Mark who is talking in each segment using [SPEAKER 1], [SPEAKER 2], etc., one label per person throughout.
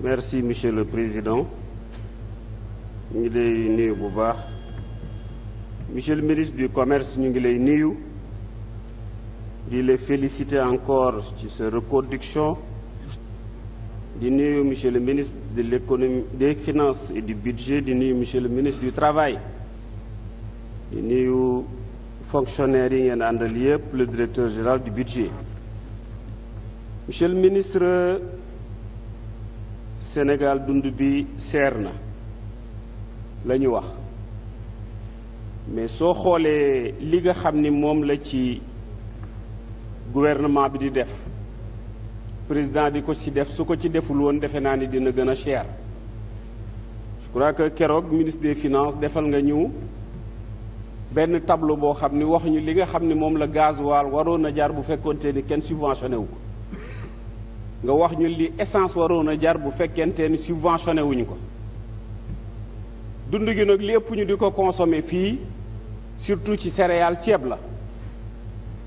[SPEAKER 1] merci monsieur le président ñu ngi lay nuyu bu baax monsieur le ministre du commerce ñu ngi lay nuyu di la féliciter encore ci sa reconduction di nuyu monsieur le ministre de l'économie des finance et du budget di nuyu monsieur le ministre du travail di nuyu fonctionnaires yi ngeen al yëpp le directeur général du budget monsieur ministre Sénégal dund bi seer na la ñu wax mais soo xoolee li nga xam ni moom la ci gouvernement bi di def président di ko ci def su ko ci deful woon defe naa ni dina gën a cher je crois que keroog ministre des finance defal nga ñëw benn tableau boo xam ni wax ñu li nga xam ni moom la gasoil waroon a jaar bu fekkoonte ni kenn subventionné wu ko nga wax ñu li essance waroon a jar bu fekkente ni subventionné wuñu ko dund gi nag lépp ñu di ko consommer fii surtout ci céréales ceeb la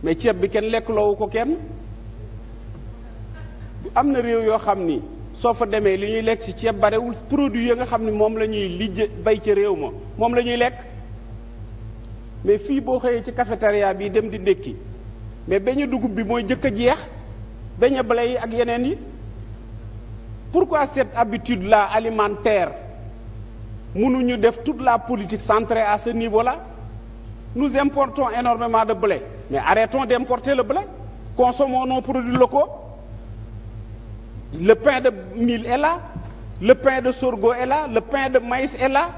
[SPEAKER 1] mais ceeb bi kenn lekk loowu ko kenn am na réew yoo xam ni soo fa demee li ñuy lekk ci ceeb barewul produit yi nga xam ne moom la ñuy lijj bay ca réew ma moom la ñuy lekk mais fii boo xëyee ci cafétéria bii dem di ndékki mais beñu dugub bi mooy jëkk a jeex beignes à yi ak yeneen yi pourquoi cette habitude la alimentaire mënuñu def toute la politique centrée à ce niveau là nous importons énormément de blé mais arrêtons d'importer le blé consommons nos produits locaux le pain de mil et la le pain de sorgho et la le pain de maïs et la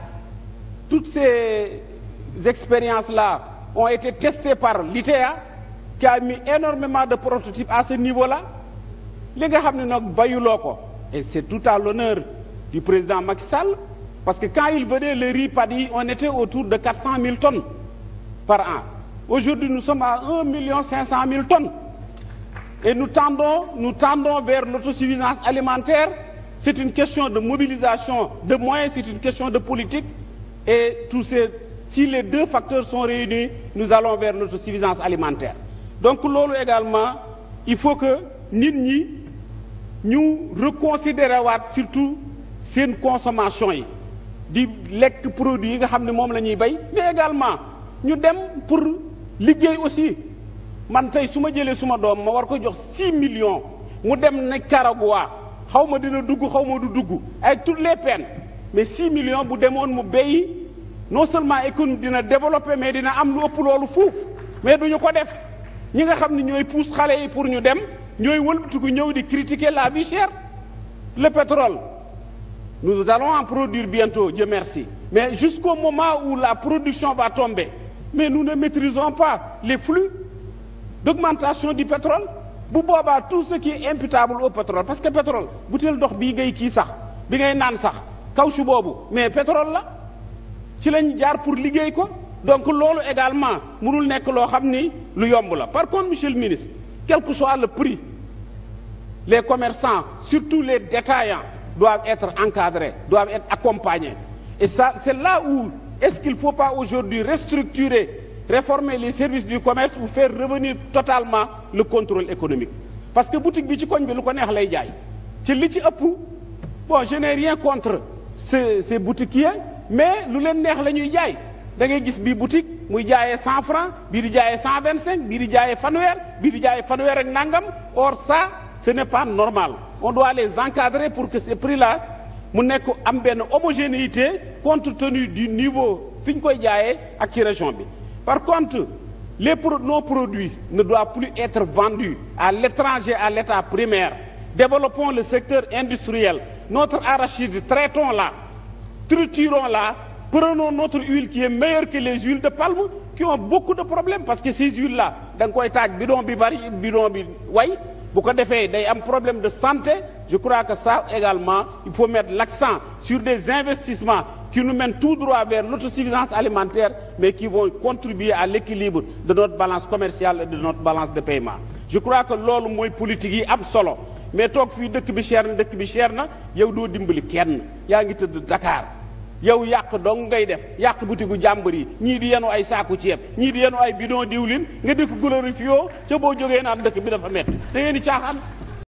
[SPEAKER 1] toutes ces expériences là ont été testées par l'ITEA qui a mis énormément de prototypes à ce niveau-là li nga xam ne nag bayuloo ko et c'est tout à l'honneur du président Macky Sall parce que quand il venait le riz paddy on était autour de quatre cent mille tonnes par an aujourd'hui nous sommes à un million cinq cent mille tonnes et nous tendons nous tendons vers l'autosuffisance alimentaire c'est une question de mobilisation de moyens c'est une question de politique et tous ces si les deux facteurs sont réunis nous allons vers l'autosuffisance alimentaire donc loolu également il faut que nit ñi ñu reconsidérer waat surtout seen consommation yi di lekk produit yi nga xam ne moom la ñuy bay mais également ñu dem pour liggéey aussi man tey su ma jëlee suma doom ma war ko jox 6 million mu dem ne Karagua xaw ma dina dugg xaw ma du dugg avec toutes les peines mais 6 million bu demoon mu béy non seulement économie dina développer mais dina am lu ëpp loolu fuuf mais duñu ko def ñi nga xam ne ñooy pousse xale yi pour ñu dem ñooy wëlbatiku ñëw di critiquer la vie le pétrole nous allons en produire bientôt Dieu merci mais jusqu'au moment ou la production ba tomber mais nous ne maîtrisons pas les flux d'augmentation di pétrole bu boobaa tout ce qui est imputable au pétrole parce que pétrole butéel ndox bii ngay kii sax bi ngay naan sax si boobu mais pétrole la ci lañ jaar pour liggéey ko donc loolu également mënul nekk loo xam ni lu yomb la par contre monsieur le ministre quel que soit le prix les commerçants surtout les détaillants doivent être encadrés doivent être accompagnés et ça c'est là où est-ce qu'il faut pas aujourd'hui restructurer réformer les services du commerce ou faire revenir totalement le contrôle économique parce que boutique bi ci koñ bi lu ko neex lay jaay ci li ci ëpp bon je n'ai contre ces ces boutiquiers mais lu leen neex la ñuy jaay da ngay gis bii boutique muy jaayee cent franc bii di jaayee cent vingt cinq di jaayee fanweer bii di jaayee fanweer ak nangam or ça ce n'est pas normal on doit les encadrer pour que ces prix là mu nekk am benn homogénéité compte tenu du niveau fi ñu koy jaayee ak ci région bi par contre les pro nos produits na ne doivent plus être vendus à l'étranger à l'état primaire développons le secteur industriel notre arachide traiton la triturons-la prenons notre huile qui est meilleure que les huiles de palme qui ont beaucoup de problèmes parce que ces huiles là nga koy taaj bidon bi bari bidon bi way bu ko defee day am problème de santé je crois que ça également il faut mettre l'accent sur des investissements qui nous mènent tout droit vers l'autosuffisance alimentaire mais qui vont contribuer à l'équilibre de notre balance commerciale et de notre balance de paiement je crois que loolu mooy politique yi am solo mais toog fii dëkk bi cher na dëkk bi cher na yow doo dimbali kenn yaa ngi tëdd Dakar yow yàq dong ngay def yàq butigu jàmbur yi ñii di yenu ay saaku ceeb ñii di yenu ay bidon diwlin nga dëkk glorifié ca boo jógee naan dëkk bi dafa metti da ngeen di caaxaan